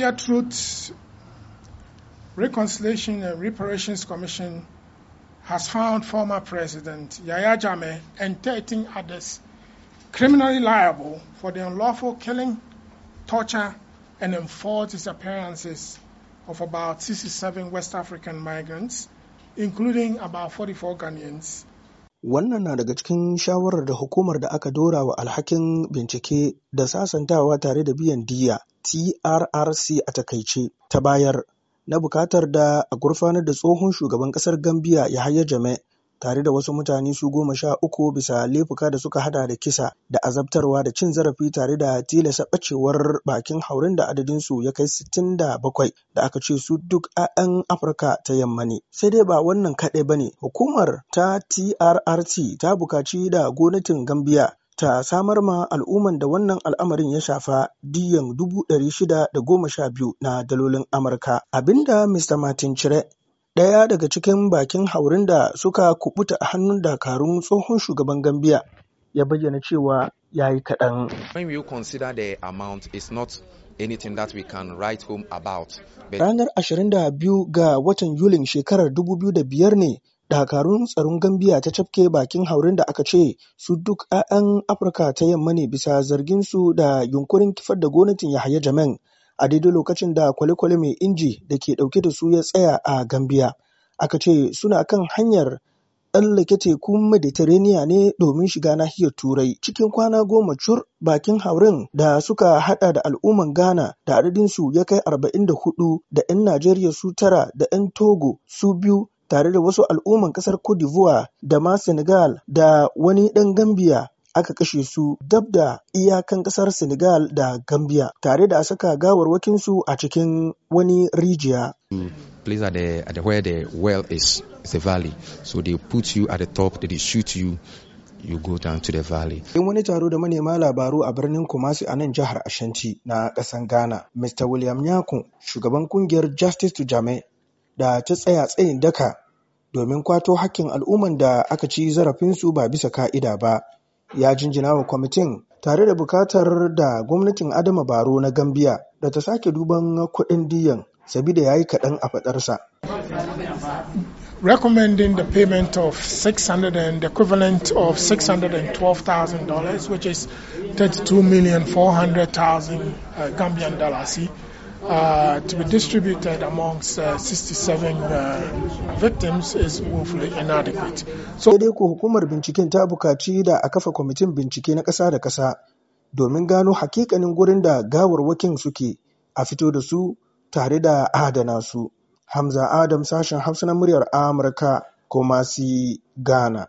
The Truth Reconciliation and Reparations Commission has found former President Yaya Jammeh and 13 others criminally liable for the unlawful killing, torture, and enforced disappearances of about 67 West African migrants, including about 44 Ghanaians, Wannan na daga cikin shawarar da hukumar da aka dora wa alhakin bincike da sasantawa tare da biyan diyya TRRC a takaice ta bayar na bukatar da a gurfanar da tsohon shugaban ƙasar Gambia Yahaya Jammeh tare da wasu mutane su goma sha uku bisa laifuka da suka hada da kisa da azabtarwa da cin zarafi tare da tilasa bacewar bakin haurin da adadinsu ya kai sittin da bakwai da aka ce su duk a 'ya'yan afirka ta yamma ne sai dai ba wannan kaɗai ba ne hukumar ta trrt ta bukaci da gwamnatin gambia ta samar ma al'umman da wannan al'amarin ya shafa diyan dubu ɗari shida da goma sha biyu na dalolin amurka abinda mr martin cire ɗaya daga cikin bakin haurin da suka kubuta a hannun dakarun tsohon shugaban gambia ya bayyana cewa ya yi kaɗan. when you consider the amount is not anything that we can write home about. ranar 22 ga watan yulin shekarar 2005 ne dakarun tsaron gambia ta cafke bakin haurin da aka ce su duk 'ya'yan afirka ta yamma ne bisa zargin su da yunkurin kifar da gwamnatin yahya Jamen. a daidai lokacin da kwale-kwale mai inji da ke ɗauke da su ya tsaya a Gambia. Aka ce suna kan hanyar tsallake tekun Mediterania ne domin shiga nahiyar Turai cikin kwana goma cur bakin haurin da suka hada da al'umman Ghana da adadinsu ya kai arba'in da da 'yan Najeriya su tara da 'yan Togo su biyu tare da wasu al'umman kasar Cote d'Ivoire da ma Senegal da wani ɗan Gambia aka kashe su dab da iyakan ƙasar Senegal da Gambia tare da saka gawarwakinsu a cikin wani rijiya. Mm. place at the, at the you go down to the valley. In wani taro da manema labaru a birnin Kumasi a nan jihar Ashanti na ƙasan Ghana, Mr. William Nyako, shugaban kungiyar Justice to Jame, da ta tsaya tsayin daka domin kwato hakkin al'umman da aka ci zarafinsu ba bisa ka'ida ba. ya jinjina wa kwamitin tare da bukatar da gwamnatin adama baro na gambia da ta sake duban kuɗin diyan sabida ya yi kaɗan a faɗarsa recommending the payment of 600 and the equivalent of $612,000, which is 32,400,000 uh, Gambian dollars. uh, to be distributed amongst uh, 67 uh, victims is woefully inadequate. So, dai ko hukumar binciken ta bukaci da a kafa kwamitin bincike na ƙasa da ƙasa domin gano hakikanin gurin da gawarwakin suke a fito da su tare da adana su. Hamza Adam sashen Hausa na muryar Amurka, Kumasi, Ghana.